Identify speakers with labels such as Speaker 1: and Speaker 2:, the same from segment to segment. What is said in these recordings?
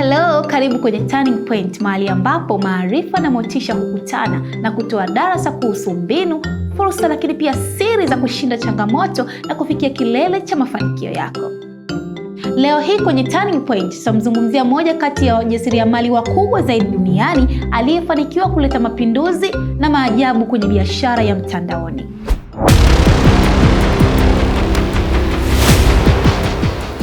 Speaker 1: Hello, karibu kwenye Turning Point, mahali ambapo maarifa na motisha hukutana na kutoa darasa kuhusu mbinu, fursa, lakini pia siri za kushinda changamoto na kufikia kilele cha mafanikio yako. Leo hii kwenye Turning Point tutamzungumzia moja kati ya wajasiriamali wakubwa zaidi duniani aliyefanikiwa kuleta mapinduzi na maajabu kwenye biashara ya mtandaoni.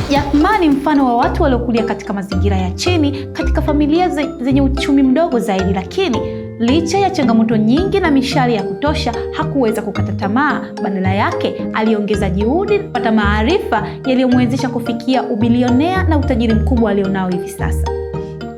Speaker 1: Jack ni mfano wa watu waliokulia katika mazingira ya chini katika familia zenye uchumi mdogo zaidi, lakini licha ya changamoto nyingi na mishale ya kutosha, hakuweza kukata tamaa. Badala yake, aliongeza juhudi kupata maarifa yaliyomwezesha kufikia ubilionea na utajiri mkubwa alionao hivi sasa.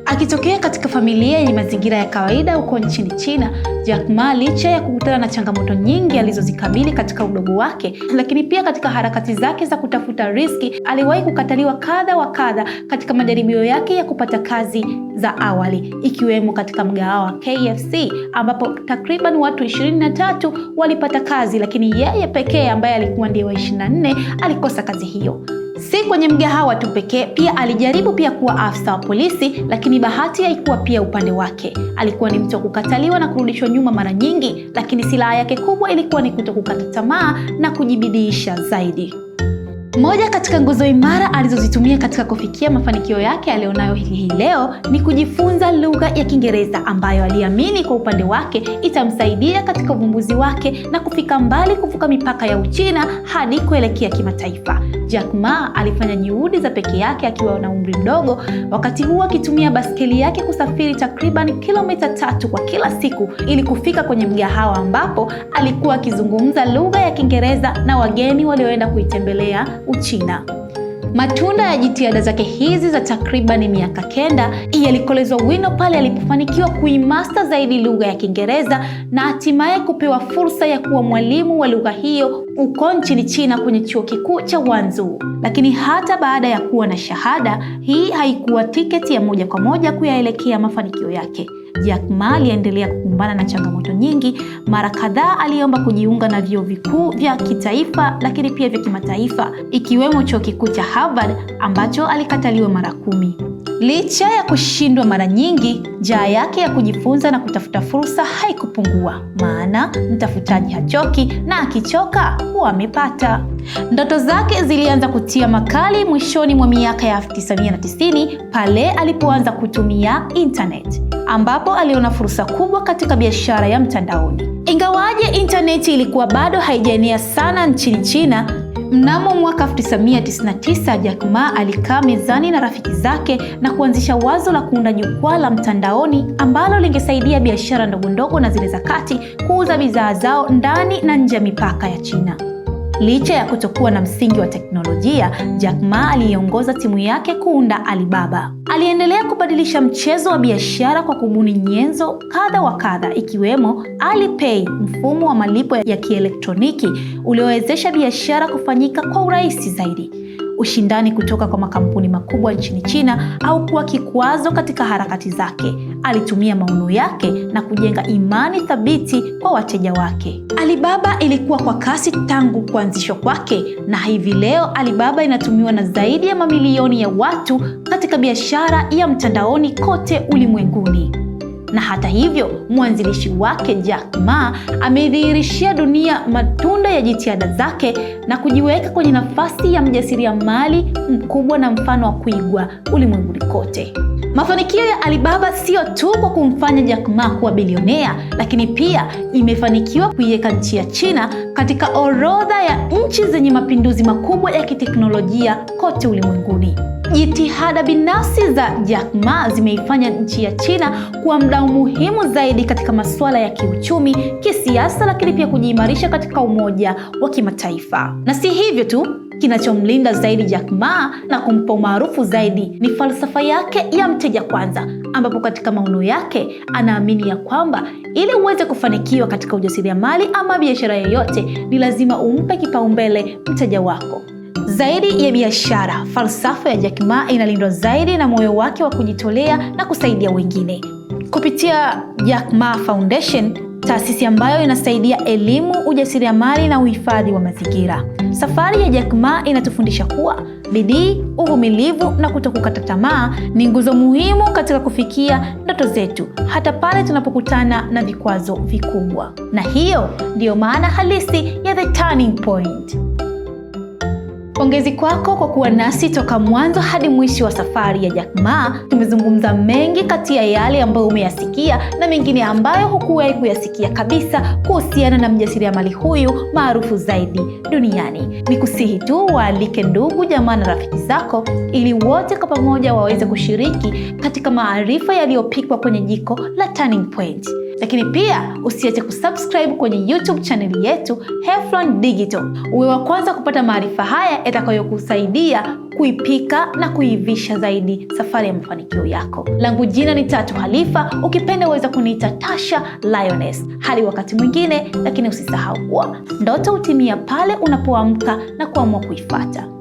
Speaker 1: Akitokea katika familia yenye mazingira ya kawaida huko nchini China, Jack Ma licha ya kukutana na changamoto nyingi alizozikabili katika udogo wake, lakini pia katika harakati zake za kutafuta riski, aliwahi kukataliwa kadha wa kadha katika majaribio yake ya kupata kazi za awali, ikiwemo katika mgahawa wa KFC ambapo takriban watu 23 walipata kazi, lakini yeye pekee ambaye alikuwa ndiye wa 24 alikosa kazi hiyo. Si kwenye mgahawa tu pekee, pia alijaribu pia kuwa afisa wa polisi, lakini bahati haikuwa pia upande wake. Alikuwa ni mtu wa kukataliwa na kurudishwa nyuma mara nyingi, lakini silaha yake kubwa ilikuwa ni kutokukata tamaa na kujibidiisha zaidi. Moja katika nguzo imara alizozitumia katika kufikia mafanikio yake aliyonayo hii leo ni kujifunza lugha ya Kiingereza ambayo aliamini kwa upande wake itamsaidia katika uvumbuzi wake na kufika mbali kuvuka mipaka ya Uchina hadi kuelekea kimataifa. Jack Ma alifanya juhudi za peke yake akiwa na umri mdogo, wakati huo akitumia baskeli yake kusafiri takriban kilomita tatu kwa kila siku ili kufika kwenye mgahawa ambapo alikuwa akizungumza lugha ya Kiingereza na wageni walioenda kuitembelea Uchina. Matunda ya jitihada zake hizi za takribani miaka kenda yalikolezwa wino pale alipofanikiwa kuimasta zaidi lugha ya Kiingereza na hatimaye kupewa fursa ya kuwa mwalimu wa lugha hiyo uko nchini China kwenye chuo kikuu cha wanzu Lakini hata baada ya kuwa na shahada, hii haikuwa tiketi ya moja kwa moja kuyaelekea mafanikio yake. Jack Ma aliendelea kukumbana na changamoto nyingi. Mara kadhaa aliomba kujiunga na vyuo vikuu vya kitaifa, lakini pia vya kimataifa, ikiwemo chuo kikuu cha Harvard ambacho alikataliwa mara kumi. Licha ya kushindwa mara nyingi, njaa yake ya kujifunza na kutafuta fursa haikupungua, maana mtafutaji hachoki na akichoka huwa amepata. Ndoto zake zilianza kutia makali mwishoni mwa miaka ya 1990 pale alipoanza kutumia internet, ambapo aliona fursa kubwa katika biashara ya mtandaoni. Ingawaje intaneti ilikuwa bado haijaenea sana nchini China Mnamo mwaka 1999 Jack Ma alikaa mezani na rafiki zake na kuanzisha wazo la kuunda jukwaa la mtandaoni ambalo lingesaidia biashara ndogondogo na zile za kati kuuza bidhaa zao ndani na nje ya mipaka ya China. Licha ya kutokuwa na msingi wa teknolojia, Jack Ma aliiongoza timu yake kuunda Alibaba. Aliendelea kubadilisha mchezo wa biashara kwa kubuni nyenzo kadha wa kadha, ikiwemo Alipay, mfumo wa malipo ya kielektroniki uliowezesha biashara kufanyika kwa urahisi zaidi. Ushindani kutoka kwa makampuni makubwa nchini China au kuwa kikwazo katika harakati zake alitumia maono yake na kujenga imani thabiti kwa wateja wake. Alibaba ilikuwa kwa kasi tangu kuanzishwa kwake, na hivi leo Alibaba inatumiwa na zaidi ya mamilioni ya watu katika biashara ya mtandaoni kote ulimwenguni. Na hata hivyo, mwanzilishi wake Jack Ma ameidhihirishia dunia matunda ya jitihada zake na kujiweka kwenye nafasi ya mjasiriamali mkubwa na mfano wa kuigwa ulimwenguni kote. Mafanikio ya Alibaba sio tu kwa kumfanya Jack Ma kuwa bilionea, lakini pia imefanikiwa kuiweka nchi ya China katika orodha ya nchi zenye mapinduzi makubwa ya kiteknolojia kote ulimwenguni. Jitihada binafsi za Jack Ma zimeifanya nchi ya China kuwa mdau muhimu zaidi katika masuala ya kiuchumi, kisiasa, lakini pia kujiimarisha katika umoja wa kimataifa. Na si hivyo tu Kinachomlinda zaidi Jack Ma na kumpa umaarufu zaidi ni falsafa yake ya mteja kwanza, ambapo katika maono yake anaamini ya kwamba ili uweze kufanikiwa katika ujasiriamali ama biashara yoyote, ni lazima umpe kipaumbele mteja wako. Zaidi ya biashara, falsafa ya Jack Ma inalindwa zaidi na moyo wake wa kujitolea na kusaidia wengine. Kupitia Jack Ma Foundation taasisi ambayo inasaidia elimu, ujasiriamali na uhifadhi wa mazingira. Safari ya Jack Ma inatufundisha kuwa bidii, uvumilivu na kutokukata tamaa ni nguzo muhimu katika kufikia ndoto zetu, hata pale tunapokutana na vikwazo vikubwa. Na hiyo ndiyo maana halisi ya The Turning Point. Pongezi kwako kwa kuwa nasi toka mwanzo hadi mwisho wa safari ya Jack Ma. Tumezungumza mengi kati ya yale ambayo umeyasikia na mengine ambayo hukuwahi kuyasikia kabisa kuhusiana na mjasiriamali huyu maarufu zaidi duniani. Nikusihi tu waalike ndugu, jamaa na rafiki zako ili wote kwa pamoja waweze kushiriki katika maarifa yaliyopikwa kwenye jiko la Turning Point lakini pia usiache kusubscribe kwenye YouTube channel yetu Heflon Digital, uwe wa kwanza kupata maarifa haya yatakayokusaidia kuipika na kuivisha zaidi safari ya mafanikio yako. Langu jina ni Tatu Halifa, ukipenda uweza kuniita Tasha Lioness. Hadi wakati mwingine, lakini usisahau kuwa ndoto hutimia pale unapoamka na kuamua kuifata.